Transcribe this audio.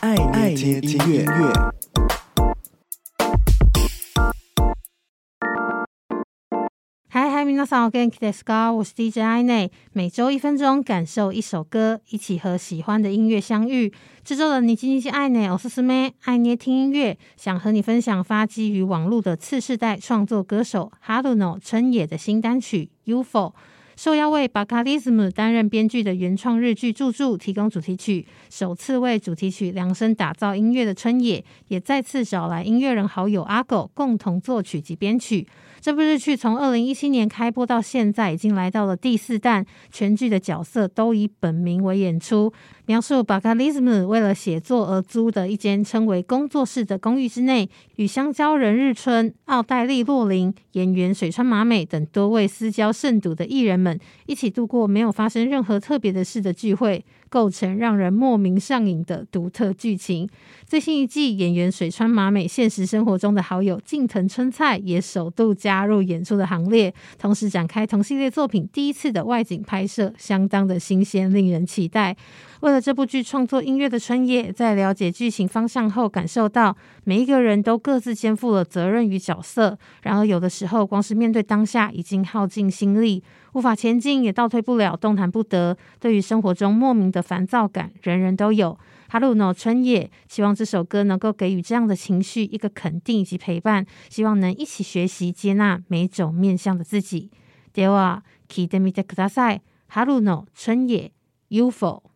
愛捏聽音樂。hi 嗨嗨，皆さん、お元気ですか？我是 DJ 愛捏，每周一分鐘，感受一首歌，一起和喜歡的音樂相遇。這周的你，今天是愛捏，我是思梅，愛捏聽音樂，想和你分享發跡於網絡的次世代創作歌手 Haruno 春野的新單曲《U.F.O》受邀為巴卡利斯姆擔任編劇的原創日劇《住住》提供主題曲，首次為主題曲量身打造音樂的春野，也再次找來音樂人好友阿狗共同作曲及編曲。這部日劇從二零一七年開播到現在，已經來到了第四彈，全劇的角色都以本名為演出，描述巴卡利斯姆為了寫作而租的一間稱為“工作室”的公寓之內，與香蕉人日村、奧黛麗洛林、演員水川麻美等多位私交甚篤的藝人們。一起度過沒有發生任何特別的事的聚會，構成讓人莫名上癮的獨特劇情。最新一季演員水川麻美，現實生活中的好友近藤春菜也首度加入演出的行列，同時展開同系列作品第一次的外景拍攝，相當的新鮮，令人期待。為了這部劇創作音樂的春野，在了解劇情方向後，感受到每一個人都各自肩負了責任與角色。然而，有的時候光是面對當下，已經耗盡心力，無法。前進也倒退不了，動彈不得。對於生活中莫名的煩躁感，人人都有。哈魯諾春野希望這首歌能夠給予這樣的情緒一個肯定以及陪伴，希望能一起學習接納每種面向的自己。では、聞いてみてください。Haruno 春野 UFO。